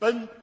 Pan